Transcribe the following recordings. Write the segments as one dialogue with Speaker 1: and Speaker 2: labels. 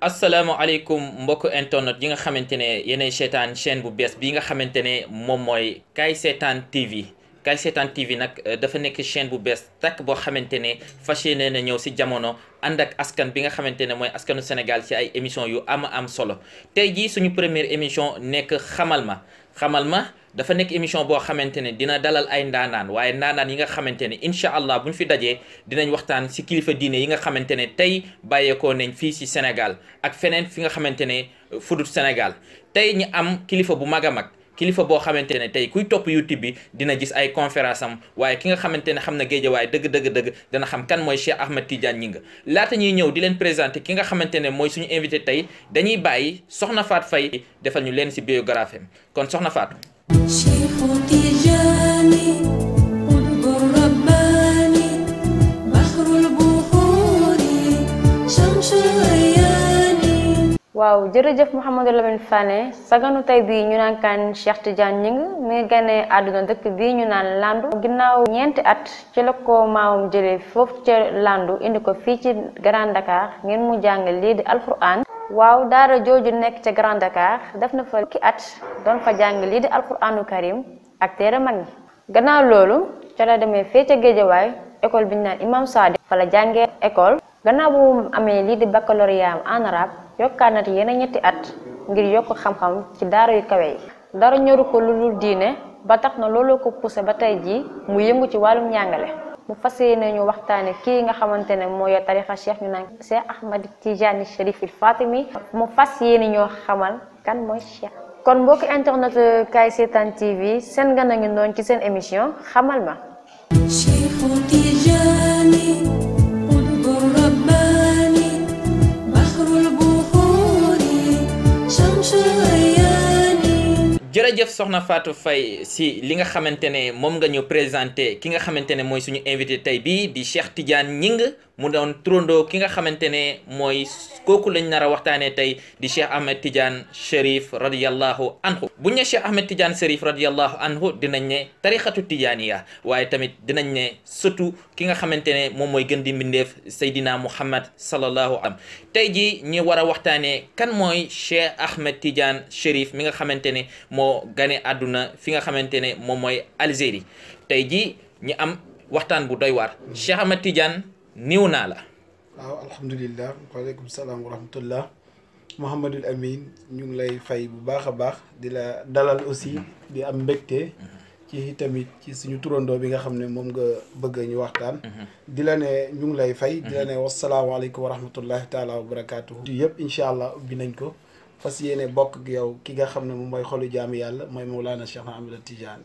Speaker 1: asalaamaaleykum mbokk internet yi nga xamante ne yéenay seetaan chaîne bu bees bi nga xamante ne moom mooy Kaay Seetaan TV Kaay Seetaan TV nag euh, dafa nekk chaîne bu bees takk boo xamante ne fas yéene na ñëw si jamono ànd ak askan bi nga xamante ne mooy askanu Sénégal si ay émission yu am am solo tey jii suñu première émission nekk xamal ma xamal ma dafa nekk émission boo xamante ne dina dalal ay ndaanaan waaye ndaanaan yi nga xamante ne incha allah bu ñu fi dajee dinañ waxtaan si kilifa diine yi nga xamante ne tey bàyyeekoo nañ fii si Sénégal ak feneen fi nga xamante ne fudut Sénégal tey ñu am kilifa bu mag a mag kilifa boo xamante ne tey kuy topp youtube bi dina gis ay conférence am waaye ki nga xamante ne xam na waaye dëgg dëgg dëgg dana xam kan mooy Cheikh Ahmed Tidiane nga laata ñuy ñëw di leen présenter ki nga xamante ne mooy suñu invité tey dañuy bàyyi Soxna faat Faye defal ñu leen ci biographie am kon Soxna Fatou.
Speaker 2: waaw jërëjëf Mouhamadou Lamine Fane saganu tey bii ñu naan kaan Cheikh Tidiane Gning mi ngi àdduna dëkk bii ñu naan Landu ginnaaw ñeenti at ci la ko maamam jëlee foofu ca Landu indi ko fii ci Grand Dakar ngeen mu jàng lii di alquran waaw daara jooju nekk ca Grand Dakar def na fa ki at doon fa jàng lii di alquranu karim ak téere mag gannaaw loolu ca la demee fee ca Géejawaay école bi ñu naan Imam Sadi fa la jàngee école gannaaw bu amee lii di baccalauréat en yokkaat na te ñetti at ngir yokk xam-xam ci daara yu kawe yi. dara ñoru ko lu dul diine ba tax na looloo ko poussé ba tey jii mu yëngu ci wàllum njàngale. mu fas yéene ñu waxtaane kii nga xamante ne mooy tarixa cheikh ñu naan cheikh Ahmad Tijani Cherif il Fatimi mu fas yéene ñoo xamal kan mooy cheikh. kon mbokki internet Kaay Seetaan TV seen gan a ngi noonu ci seen émission xamal ma.
Speaker 1: jërëjëf soxna Fatou fay si li nga xamante ne moom nga ñu présenté ki nga xamante ne mooy suñu invité tey bii di Cheikh Tidiane Gningue mu doon turandoo ki nga xamante ne mooy kooku lañ nar a waxtaanee tey di Cheikh Ahmed Tidiane Cherif radiyallahu anhu buñ ne Cheikh Ahmed Tidiane Cherif radiyallahu anhu dinañ ne tarixatu tijaaniya waaye tamit dinañ ne surtout ki nga xamante ne moom mooy gën di mbindeef Seydina Muhammad sallallahu alayhi wa sallam tey jii ñu war a waxtaanee kan mooy Cheikh Ahmed Tidiane Cherif mi nga xamante ne moo gane àdduna fi nga xamante ne moom mooy Algérie tey jii ñu am waxtaan bu doy waar Cheikh Ahmed niw naa
Speaker 3: la. waaw alhamdulillah waaleykum salaam wa rahmatullah Mouhamadul Amine ñu ngi lay fay bu baax a baax di la dalal aussi di am mbégte. ci tamit ci suñu turandoo bi nga xam ne moom nga bëgg a ñu waxtaan. di la ne ñu ngi lay fay. di la ne wasalaamaaleykum wa rahmatullahi taala wa barakaatu. yëpp incha allah ubbi nañ ko fas yéene bokk ak yow ki nga xam ne moom mooy xolu jaamu yàlla mooy Mawlana Cheikh Ahmed Tidiane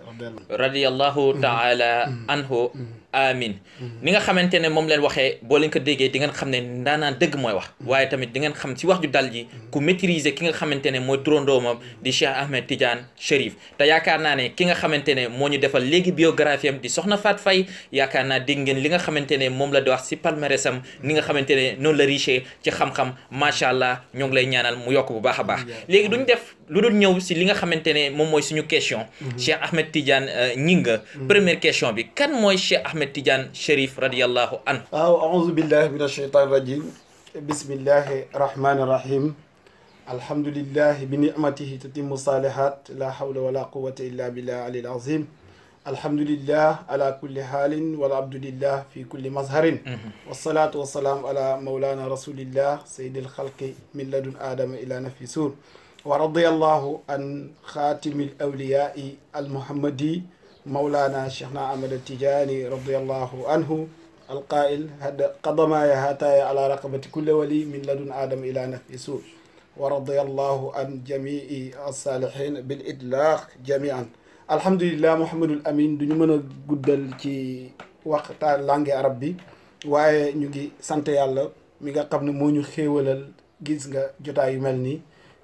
Speaker 1: radiyallahu taala anhu mm-hmm. amin mhm. ni nga xamante ne moom leen waxee boo leen ko déggee di ngeen xam ne ndaanaan dëgg mooy wax mhm. waaye tamit di ngeen xam si wax ju dal ji mhm. ku maîtriser ki nga xamante ne mooy turandoomam di Cheikh Ahmed Tidiane Chérif te yaakaar naa ne ki nga xamante ne moo ñu defal léegi biographie am di soxna Fat Faye yaakaar naa dégg ngeen li nga xamante ne moom la di wax si palmarèsam am nga xamante ne noonu la riche ci xam-xam macha allah ñoo ngi lay ñaanal mu yokk bu baax a baax léegi duñ def lu dul ñëw si li nga xamante ne moom mooy suñu question mhm. Cheikh Ahmed Tidiane euh, Gningue mhm. première question bi kan mooy Cheikh Ahmed Tidiane Chérif radiallahu an
Speaker 3: waaw aouzu billahi min asheytan rajim bi nicmatihi tatimu salihat la hawla wala quwata illa billah alil azim alhamdulillah ala kulli haalin wala abdulillah fi kulli mazharin mhm. wasalaatu wasalaam ala maulana min ladun aadama ila nafi wa radiyallahu an xaatimil awliyaai al muhammadi mawlaana cheikhna ahmada tijaani radiyallahu anhu alqaa'il hada qadamaaya haataaya ala raqabati kulli wali min ladun aadama ila nafi suu wa radiyallahu an jamii alsaalihin bil idlaaq jamian alhamdulillah muhammadul amin duñu mën a guddal ci waxtaan langue arab waaye ñu ngi sant yàlla mi nga xam ne moo ñu xéewalal gis nga jotaay yu mel nii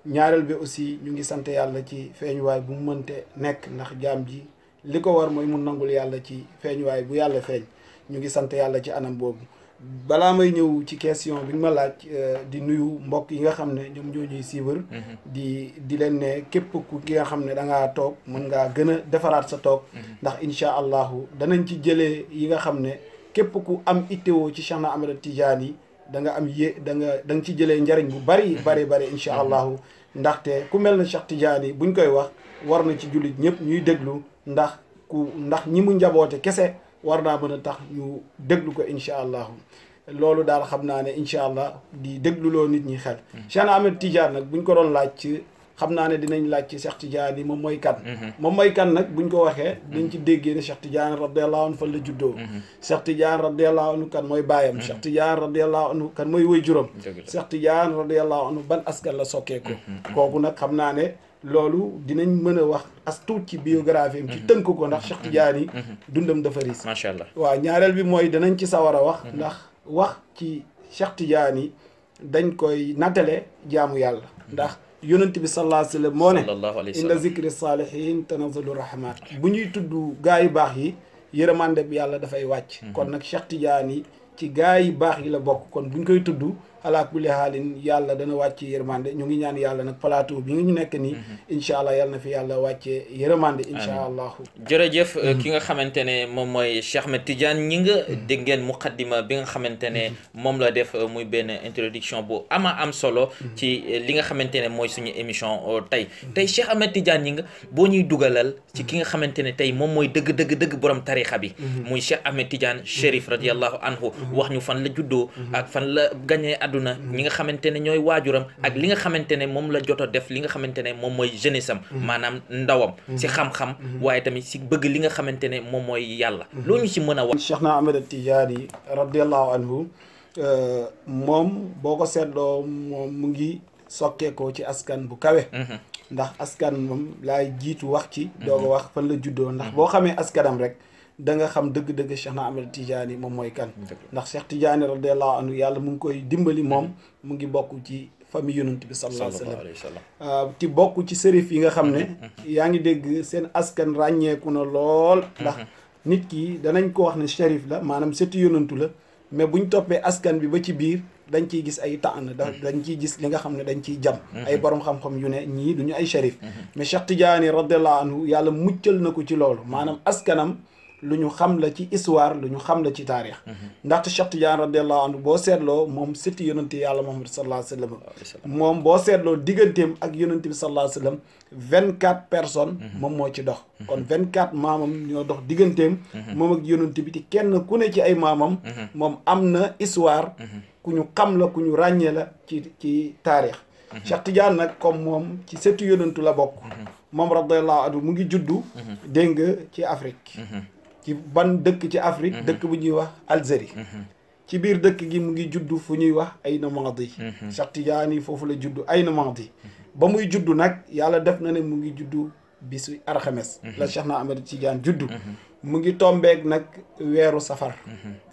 Speaker 3: ñaareel bi aussi ñu ngi sant yàlla ci feeñuwaay bu mu mënte nekk ndax jaam ji li ko war mooy mun nangul yàlla ci feeñuwaay bu yàlla feeñ ñu ngi sant yàlla ci anam boobu balaa may ñëw ci question bi nga ma laaj euh, di nuyu mbokk yi nga xam ne ñoom ñoo ñuy suivre mm-hmm. di di leen ne képp ku ki nga xam ne da ngaa toog mën ngaa gën a defaraat sa toog mm-hmm. ndax incha allahu danañ ci jëlee yi nga xam ne képp ku am itteewoo ci Cheikh na Amada Tidiane yi da nga am yé da nga da nga ci jëlee njariñ bu bari bari bari incha allahu ndaxte ku mel na Cheikh Tidiane buñ koy wax war na ci jullit ñëpp ñuy déglu ndax ku ndax ñi mu njaboote kese war naa mën a tax ñu déglu ko incha allahu loolu daal xam naa ne incha allah di dégluloo nit ñi xel hmm. Cheikh Ahmed Tidiane nag bu ñu ko doon laaj ci xam naa ne dinañ laaj ci Cheikh Tidiane yi moom mooy kan mhm. moom mooy kan nag buñ ko waxee dañ ci déggee ne Cheikh Tidiane radiallahu anhu fan la juddoo mhm. Cheikh Tidiane radiallahu kan mooy baayam mhm. Cheikh Tidiane radiallahu kan mooy waajuram Cheikh Tidiane radiallahu anhu ban askan la sokkee ko kooku nag xam naa ne loolu dinañ mën a wax as tuut ci biographie am ci tënk ko ndax Cheikh Tidiane yi dundam dafa riis macha allah waaw ñaareel bi mooy danañ ci sawar a wax ndax wax ci Cheikh Tidiane dañ koy nattale jaamu yàlla ndax yonent bi sallallahu alayhi wa sallam moo
Speaker 1: ne inda zikri
Speaker 3: saalihin tanazalu rahmat bu ñuy tudd gaa yu baax yi yërëmande bi yàlla dafay wàcc mhm. kon nag Cheikh Tidiane yi ci gaa yi baax yi la bokk kon bu ñu koy tuddu ala kulli haalin yàlla dana wàcce yërmande ñu ngi ñaan yàlla nag plateau bi nga ñu nekk nii mhm. incha allah yàlla na fi yàlla wàcce yërmande incha allahu
Speaker 1: jërëjëf mhm. ki nga xamante ne moom mooy Cheikh Ahmed ñi nga mhm. dégg ngeen muqaddima bi nga xamante ne moom la def euh, muy benn introduction bu amaa am solo ci euh, li nga xamante ne mooy suñu émission euh, tey tey Cheikh Ahmed Tidiane ñi nga boo ñuy dugalal ci ki nga xamante ne tey moom mooy dëgg dëgg dëgg borom tarixa bi muy àdduna mm-hmm. ñi nga xamante ne ñooy waajuram ak mm-hmm. li nga xamante ne moom la jot def li nga xamante ne moom mooy jeunesse am mm-hmm. maanaam ndawam si xam-xam waaye tamit si bëgg li nga xamante ne moom mooy yàlla
Speaker 3: loo ñu si mën a wax Cheikh na Ahmed Tidiane radiallahu anhu euh, moom boo ko seetloo moom mu ngi sokkeekoo ci askan bu kawe ndax askan moom laay jiitu wax ci doo ko wax fan la juddoo ndax boo xamee askanam rek da nga xam dëgg-dëgg Cheikh na Ahmed Tidiane moom mooy kan ndax Cheikh Tidiane radiallahu anhu yàlla mu ngi koy dimbali moom mm-hmm. mu ngi bokk ci famille yonent bi sallallahu alayhi wa ah, ti bokku ci sërif yi nga xam ne mm-hmm. Mm-hmm. yaa ngi dégg seen askan ràññeeku na lool ndax nit ki danañ ko wax ne shérif la maanaam sëti yonantu la mais ñu toppee askan bi ba ci biir dañ ciy gis ay taan dañ ciy gis li nga xam ne dañ ciy jam ay borom xam-xam yu ne ñii du ñu ay shérif mais Cheikh Tidiane radiallahu anhu yàlla muccal na ko ci loolu maanaam askanam lu ñu xam la ci histoire lu ñu xam la ci taarix mhm. ndaxte Cheikh Tidiane radiallahu anhu boo seetloo moom sëti yonente yàlla Muhammad sallallahu alayhi wa sallam moom boo seetloo digganteem ak yonente bi sallallahu vingt quatre personnes mhm. moom moo ci dox mhm. kon vingt quatre maamam ñoo dox digganteem moom ak yonente bi te kenn ku ne ci ay maamam moom am na histoire ku ñu xam la ku ñu ràññee la ci ci taarix Cheikh Tidiane nag comme moom ci sëti yonentu la bokk moom radiallahu anhu mu ngi juddu dégg nga ci Afrique ci ban dëkk ci Afrique mhm. dëkk bu ñuy wax Algérie mhm. ci biir dëkk gi mu ngi juddu fu ñuy wax Ayna Mahdi mhm. Cheikh Tidiane foofu la juddu Ayna Mahdi ba muy juddu nag yàlla def na ne mu ngi juddu bisu arxames la Cheikh na Ahmed Tidiane juddu mu ngi tombeeg nag weeru safar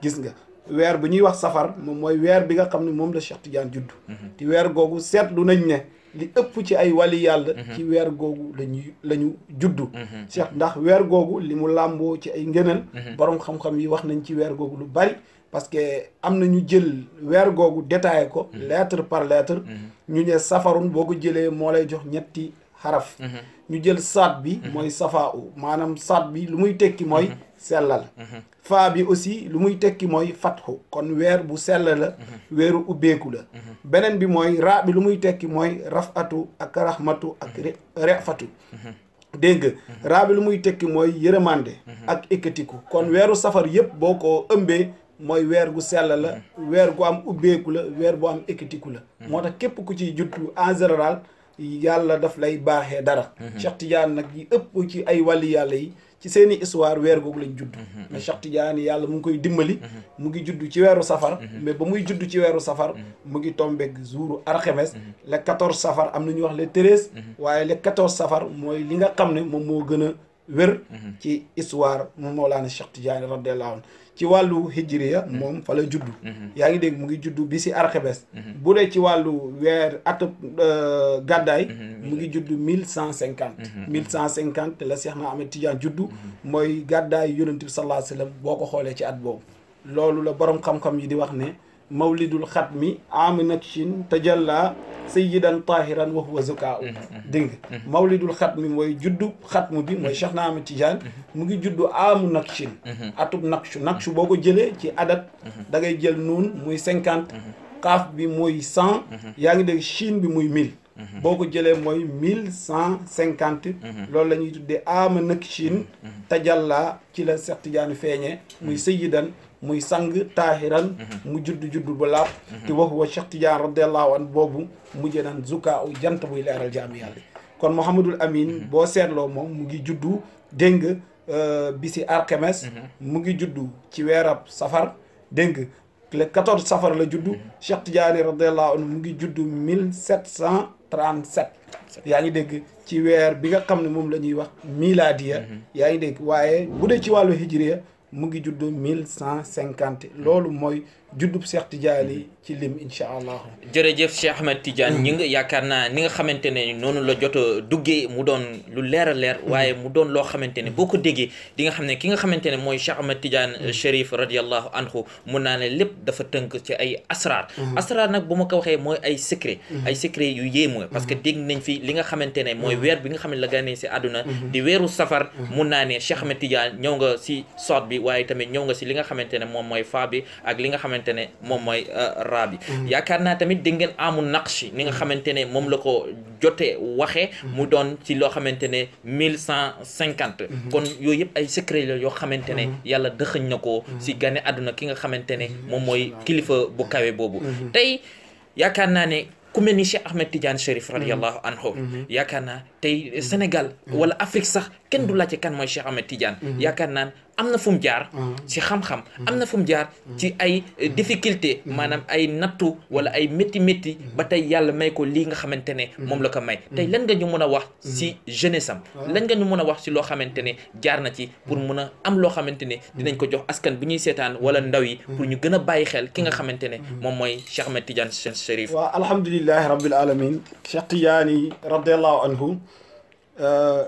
Speaker 3: gis nga weer bi ñuy wax safar moom mooy weer bi nga xam ne moom la Cheikh Tidiane juddu ti weer googu seetlu nañ ne li ëpp ci ay wali yàlla mhm. ci weer googu lañuy la ñu juddu mhm. Cheikh ndax weer googu li mu làmboo ci ay ngënal mhm. borom xam-xam yi wax nañ ci weer googu lu bari parce que am na ñu jël weer googu détaillé ko lettre par lettre ñu ne safarun boo ko jëlee moo lay jox ñetti xaraf mhm. ñu jël saat bi mhm. mooy safaa maanaam saat bi lu muy tekki mooy mhm. sellal faa bi aussi lu muy tekki mooy fat fatxu kon weer bu sell la weeru ubbeeku la beneen bi mooy raa bi lu muy tekki mooy rafatu ak rahmatu ak refatu dégg nga raa bi lu muy tekki mooy yërëmande ak ekkatiku kon weeru safar yëpp boo ko ëmbee mooy weer gu sell la weer gu am ubbeeku la weer bu am ekkatiku la moo tax képp ku ci juttu en général yàlla daf lay baaxee dara. Mhm. Cheikh nag yi ëpp ci ay wàlli yàlla yi ci seen i histoire weer googu lañ judd. Mhm. mais Cheikh Tidiane yàlla mu ngi koy dimbali. Mhm. mu ngi juddu ci weeru safar. mais ba muy juddu ci weeru safar. mu ngi tombé jouru alxames. le 14 safar am na ñuy wax le 13. waaye le 14 safar mooy li nga xam ne moom moo gën a wér. ci histoire moom Mawlana Cheikh Tidiane radiyallahu anhu ci wàllu hijriya mm-hmm. moom fa la juddu mm-hmm. yaa ngi dégg mu ngi juddu bi si arxebes mm-hmm. bu dee ci wàllu weer at euh, gàddaay mu ngi juddu mille cent cinquante mille cent cinquante la Seex na Ahmed Tidiane juddu mooy gàddaay yonent bi sallallahu alayhi boo ko xoolee ci at boobu loolu la borom xam-xam yi di wax ne mawlidul xatmi aami nakshin tajalla sayyidan tahiran wa huwa zukaaw mm-hmm, mm-hmm. dégg nga mm-hmm. mawlidul mi mooy juddu xatmu bi mooy Cheikh na Ahmed Tidiane mu ngi juddu aamu nakshin atub nakshu nakshu boo ko jëlee ci adat da ngay jël nuun muy cinquante xaaf bi muy cent yaa ngi dégg chine bi muy mil boo ko jëlee mooy mille cent cinquante loolu la ñuy tuddee nak nakshin tajalla ci la Cheikh Tidiane feeñee muy sayyidan muy sang taahiran mhm. mu judd juddu bu laab mhm. te wax wa Cheikh Tidiane radiallahu an boobu mujjee naan zuka u jant buy leeral jaami yàlla kon Mouhamadul Amine mhm. boo seetloo moom mu ngi juddu dégg nga euh, bisi alxames mu ngi juddu ci weerab safar dégg nga le 14 safar la juddu Cheikh Tidiane radiallahu anhu mu ngi juddu 1737 yaa ngi dégg ci weer bi nga xam ne moom la ñuy wax miladiya yaa ngi dégg waaye bu dee ci wàllu hijriya mu ngi judd mille cent cinquante loolu mooy juddub Cheikh Tidiane ci lim incha allah.
Speaker 1: jërëjëf Cheikh Ahmed Tidiane nga yaakaar naa ni nga xamante ne noonu la jot a duggee mu doon lu leer a leer. waaye mu doon loo xamante ne boo ko déggee di nga xam ne ki nga xamante ne mooy Cheikh Ahmed Tidiane Cherif radiallahu anhu mun naa ne lépp dafa tënk ci ay asrar. Mhm. asrar nag bu ma ko waxee mooy ay secret. Mhm. ay secret yu yéemu mhm. parce que dégg nañ fi li nga xamante ne mooy weer bi nga xam ne la gane si àdduna. di weeru safar mun naa ne Cheikh Ahmed Tidiane ñëw nga si soot bi waaye tamit ñëw nga si li nga xamante ne moom mooy faa bi ak li nga xamante xamante ne moom mooy euh, raa mm-hmm. yaakaar naa tamit di ngeen amu naqshi ni nga mm-hmm. xamante ne moom la ko jotee waxee mm-hmm. mu doon ci loo xamante ne mille cent cinquante kon yooyu yëpp ay secret yoo xamante ne yàlla dëxëñ na ko si gane àdduna ki nga xamante ne moom mooy kilifa bu kawe boobu tey yaakaar naa ne ku mel ni Cheikh Ahmed Tidiane Chérif radiallahu anhu yaakaar naa tey mm-hmm. Sénégal mm-hmm. wala Afrique sax kenn du mm-hmm. laajte kan mooy Cheikh Ahmed Tidiane yaakaar naan am na fu mu jaar ci xam-xam am na fu mu jaar ci ay eh, difficulté maanaam ay nattu wala ay métti métti ba tey yàlla may ko lii nga xamante ne moom la ko may tey lan nga ñu mën a wax ci jeunesse am lan nga ñu mun a wax si loo xamante ne jaar na ci pour mun a am loo xamante ne dinañ ko jox askan bu ñuy seetaan wala ndaw yi pour ñu gën a bàyyi xel ki nga xamante ne moom mooy Cheikh Ahmed Tidiane Chérif
Speaker 3: waaw alhamdulilahi rabbil alamin Cheikh Tidiane radiallahu anhu Euh,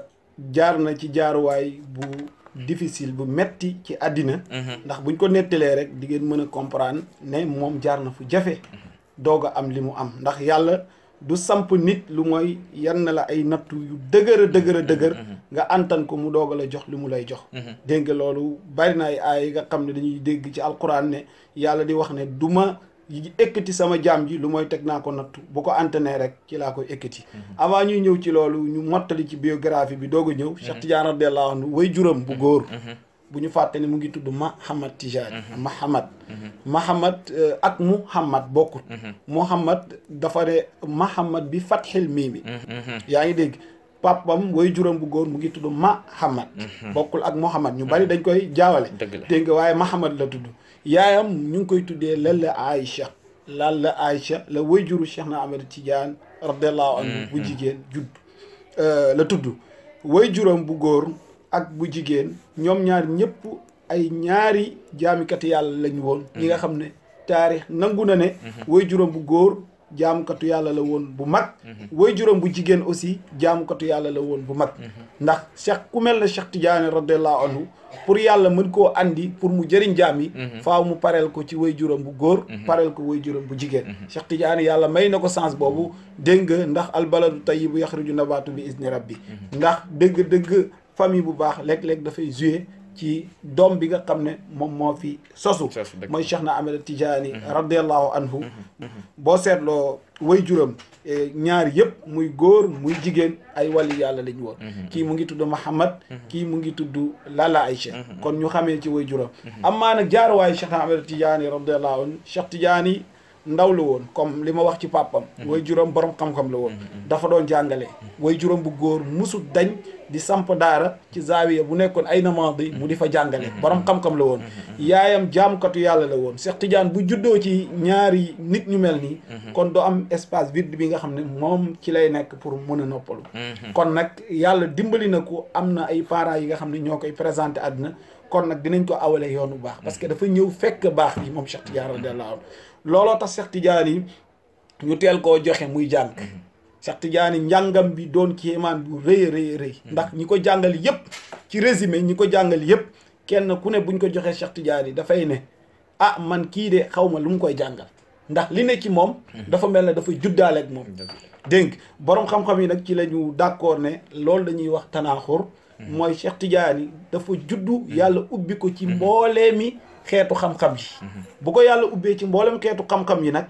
Speaker 3: jaar na ci jaaruwaay bu difficile bu metti ci àddina mhm. ndax buñ ko nettalee rek di ngeen mën a comprendre ne moom jaar na fu jafe mhm. doog a am li mu am ndax yàlla du samp nit lu mooy yan na la ay nattu yu dëgër a dëgër mhm. dëgër nga antan ko mu doog a la jox li mu lay jox dégg loolu bari ay aay yi nga xam ne dañuy dégg ci alquran ne yàlla di wax ne duma ekkati sama jaam ji lu mooy teg naa ko nattu bu ko antenee rek ci laa koy ekkati avant ñuy ñëw ci loolu ñu mottali ci biographie bi doog a ñëw mhm. Cheikh Tidiane radiyallahu anhu woy juróom bu mhm. góor mhm. bu ñu fàtte mu ngi tudd Mahamad Tijani Mahamad Mahamad euh, ak Muhammad bokkut Muhammad dafa ne Mahamad bi fatxil miimi yaa ngi dégg papam way juróom bu góor mu ngi tudd Mahamad bokkul ak Muhammad ñu bari dañ koy jaawale dégg nga waaye Mahamad la tudd yaayam ñu ngi koy tuddee Lalla Aïcha Lalla Aïcha la wayjuru Cheikh na Ahmed Tidiane radiallahu anhu mm-hmm. bu jigéen judd euh, la tudd juróom bu góor ak bu jigéen ñoom ñaar ñëpp ay ñaari jaamikati yàlla lañu woon ñi nga mm-hmm. xam ne taarix nangu na ne mm-hmm. wayjuram bu góor jaamukatu yàlla la woon bu mag mhm. woy juróom bu jigéen aussi jaamukatu yàlla la woon bu mag mhm. ndax Cheikh ku mel na Cheikh Tidiane radiallahu anhu pour yàlla mën koo andi pour mu jëriñ jaam yi mhm. faaw mu pareel ko ci way juróom bu góor pareel ko woy juróom bu jigéen Cheikh Tidiane yàlla may na ko sens boobu dégg nga ndax albaladu tayyibu yaxruju nabaatu bi izni bi ndax dëgg dëgg famille bu baax léeg-léeg dafay jouer ci doom bi nga xam ne moom moo fi sosu mooy Cheikh na Ahmed Tidiane mhm. radiallahu anhu mhm, mhm, boo seetloo way juram eh, ñaar yëpp muy góor muy jigéen ay wali yàlla lañ woon ki mu ngi tudd Mahamad kii mu ngi tudd Lala ay Aïcha kon ñu xamee ci way juram amaa nag jaaruwaay Cheikh na Ahmed Tidiane radiallahu anhu Cheikh Tidiane ndaw la woon comme li ma wax ci pàppam mhm. way juróom boroom xam-xam la woon mhm, mhm. dafa doon jàngale way juróom bu góor musul dañ di samp daara ci zaawiya bu nekkoon ay namande yi mu di fa jàngale borom xam-xam la woon yaayam jaamkatu yàlla la woon Cheikh Tidiane bu juddoo ci ñaari nit ñu mel nii kon doo am espace vide bi nga xam ne moom ci lay nekk pour mën a noppalu kon nag yàlla dimbali na ko am na ay parents yi nga xam ne ñoo koy présenté àdduna kon nag dinañ ko awale yoon bu baax parce que dafa ñëw fekk baax bi moom Cheikh Tidiane radiyallahu anhu looloo tax Cheikh Tidiane ñu teel koo joxe muy jàng mhm. Cheikh Tidiane njàngam bi doon kéemaan bu rëy rëy rëy mhm. ndax ñi ko jàngal yëpp ci résumé ñi ko jàngal yëpp kenn ku ne buñ ko joxee Cheikh Tidiane dafay ne ah man kii de xaw ma lu mu koy jàngal ndax li ne ci moom mhm. dafa mel ne dafa juddaale ak moom dégg borom xam-xam yi nag ci lañu ñu d'accord ne loolu dañuy wax tanaaxur mooy Cheikh Tidiane dafa juddu yàlla ubbi ko ci mboolee mi xeetu xam-xam yi mhm. bu ko yàlla ubbee ci mboolem xeetu xam-xam yi nag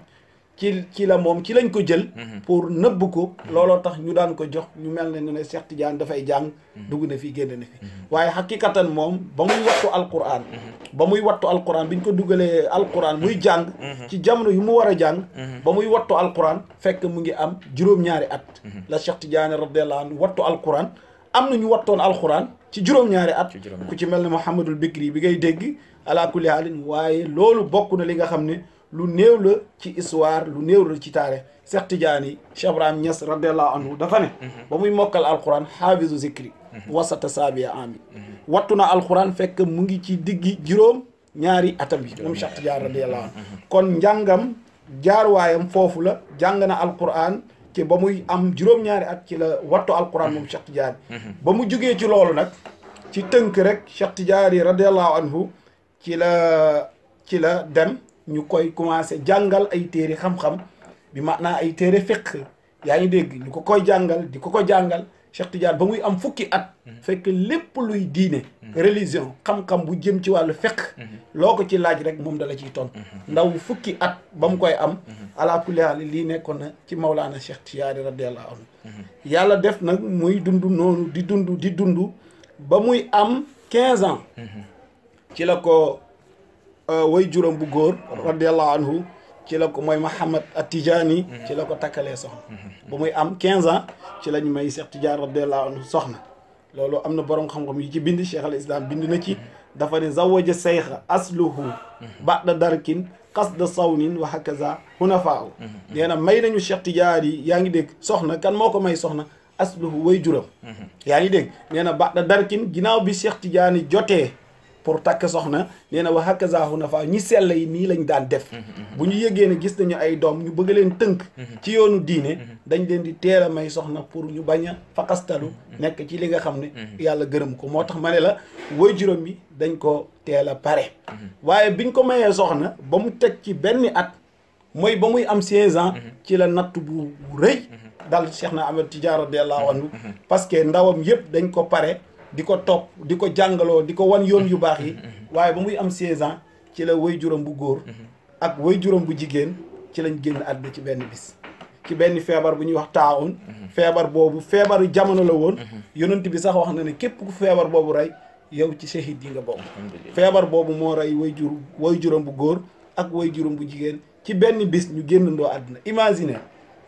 Speaker 3: ci ci la moom ci lañ ko jël mhm. pour nëbb ko mhm. looloo tax ñu daan ko jox ñu mel ne ne Cheikh Tidiane dafay jàng dugg na fi génn na fi waaye xaqiqatan moom ba muy wattu alquran ba muy wattu alquran bi ñu ko dugalee alquran muy jàng ci jamono yu mu war a jàng ba muy wattu alquran fekk mu ngi am juróom-ñaari at la Cheikh Tidiane radiyallahu anhu wattu alquran am na ñu wattoon alquran ci juróom-ñaari at ku ci mel ne Mouhamadul Bikri bi ngay dégg ala waaye loolu bokku na li nga xam ne lu néew la ci histoire lu néew la ci taarix Cheikh Tidiane yi Cheikh Ibrahim Niass radiallahu anhu dafa ne mhm. ba muy mokkal alquran xaafisu zikri mhm. wasata saabiya ami mhm. wattu na alquran fekk mu ngi ci diggi juróom ñaari atam yi moom Cheikh Tidiane radiallahu anhu kon njàngam jaarwaayam foofu la jàng na alquran ci ba muy am juróom-ñaari at ci la wattu alquran moom Cheikh Tidiane ba mu jugee ci loolu nag ci tënk rek Cheikh Tidiane yi radiallahu anhu ci la ci la dem ñu koy commencé jàngal ay téere xam-xam bi maanaa ay téere fiqh yaa ngi dégg ñu ko koy jàngal di ko ko jàngal Cheikh ba muy am fukki at mhm. fekk lépp luy diine mhm. religion xam-xam bu jëm ci wàllu fiqh mhm. loo ko ci laaj rek moom dala ciy ton ndaw fukki at ba mu koy am ala kulli haal lii nekkoon na ci Mawlaana Cheikh Tidiane radiyallahu anhu yàlla def nag muy dund noonu di dund di dund ba muy am quinze ans ci la ko euh, way juróom bu góor radiallahu anhu ci la ko mooy Mahamad Atijaani mm-hmm. ci la ko takkalee soxna mm-hmm. ba muy am quinze ans ci lañu may Cheikh Tidiane radiallahu anhu soxna loolu am na borom xam-xam yi ci bind Cheikh al Islam bind na ci mm-hmm. dafa ne zawaja seyxa asluhu ba'da darkin qasda sawnin wa hakaza hunafaa nee na may nañu Cheikh Tidiane yaa ngi dégg soxna kan moo ko may soxna asluhu way juróom yaa ngi dégg nee na ba'da darkin ginnaaw bi Cheikh Tidiane pour takk soxna nee na wa hakaza hunafa ñi sell yi nii lañ daan def mm-hmm, mm-hmm, mm-hmm. bu ñu yëgee ne gis nañu ay doom ñu bëgg leen tënk ci yoonu diine dañ leen di teel a may soxna pour ñu bañ a faqastalu nekk ci li nga xam ne yàlla gërëm ko moo tax ma ne la woy juróom yi dañ ko teel a pare waaye biñ ko mayee soxna ba mu teg ci benn at mooy ba muy am 16 ans ci la natt bu rëy dal Cheikh na Ahmed Tidiane radiyallahu anhu parce que ndawam yëpp dañ ko pare di ko topp di ko jàngaloo di ko wan yoon yu baax yi mm-hmm. waaye ba muy am 16 ci la way juróom bu góor mm-hmm. ak way juróom bu jigéen ci lañ génn àdduna ci benn bis ci benn feebar bu ñuy wax taawun mm-hmm. feebar boobu feebaru jamono la woon yonent bi sax wax na ne képp ku feebar boobu rey yow ci shahid yi nga bokk feebar boobu moo rey way jur way juróom bu góor ak way juróom bu jigéen ci benn bis ñu génn ndoo àdduna imagine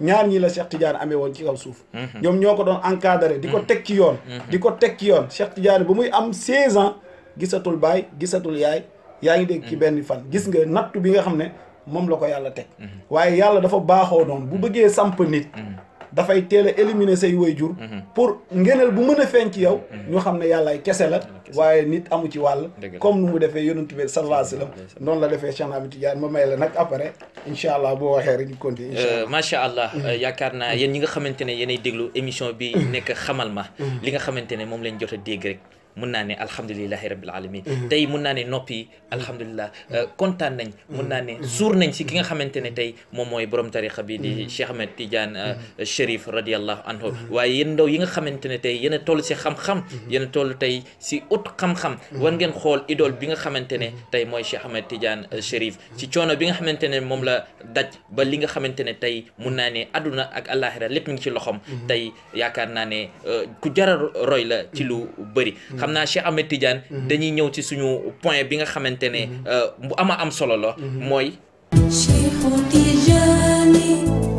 Speaker 3: ñaar ñi la Cheikh Tidiane amee woon ci kaw suuf ñoom ñoo ko doon encadré di ko teg ci yoon di ko teg ci yoon Cheikh Tidiane ba muy am seize ans gisatul baay gisatul yaay yaa ngi dégg ci benn fan gis nga nattu bi nga xam ne moom la ko yàlla teg mm-hmm. waaye yàlla dafa baaxoo noonu bu bëggee samp nit mm-hmm. dafay teel a éliminer say wayjur mhm. pour ngëneel bu mën a feeñ ci yow mhm. ñoo xam ne yàllaay kese la waaye nit amu ci wàll comme nu mu defee yenu bi sallallahu alayhi wasallam noonu la defee Cheikh Ahmed Tidiane ma may la nag après incha allah boo waxee rek ñu continuer euh,
Speaker 1: macha allah mhm. euh, yaakaar naa yéen ñi nga xamante ne yéenay déglu émission bi nekk xamal ma li nga xamante ne moom lañ jot a dégg rek mun naa ne alhamdulilahi rabbil alamin mhm. tey mun naa ne noppi alhamdulilah mhm. euh, kontaan nañ mhm. mun naa ne suur nañ si ki nga xamante ne tey moom mooy borom tarixa bi di Cheikh Ahmed Tidiane euh, Chérif radiallahu anhu waaye yéen ndaw yi nga xamante ne tey yéen a toll si xam-xam yéen a toll tey si ut xam-xam war ngeen xool idole bi nga xamante ne tey mooy Cheikh Ahmed Tidiane euh, Chérif si bi nga xamante ne moom la daj ba li nga xamante ne tey mun naa ne àdduna ak àllaaxira lépp mi ci loxom tey yaakaar naa ne ku jara roy la ci lu bëri xam naa Cheikh Ahmed Tidiane mhm. dañuy ñëw ci suñu point bi nga xamante ne mhm. euh, bu ama am solo la mhm. mooy
Speaker 2: Cheikh Tidiane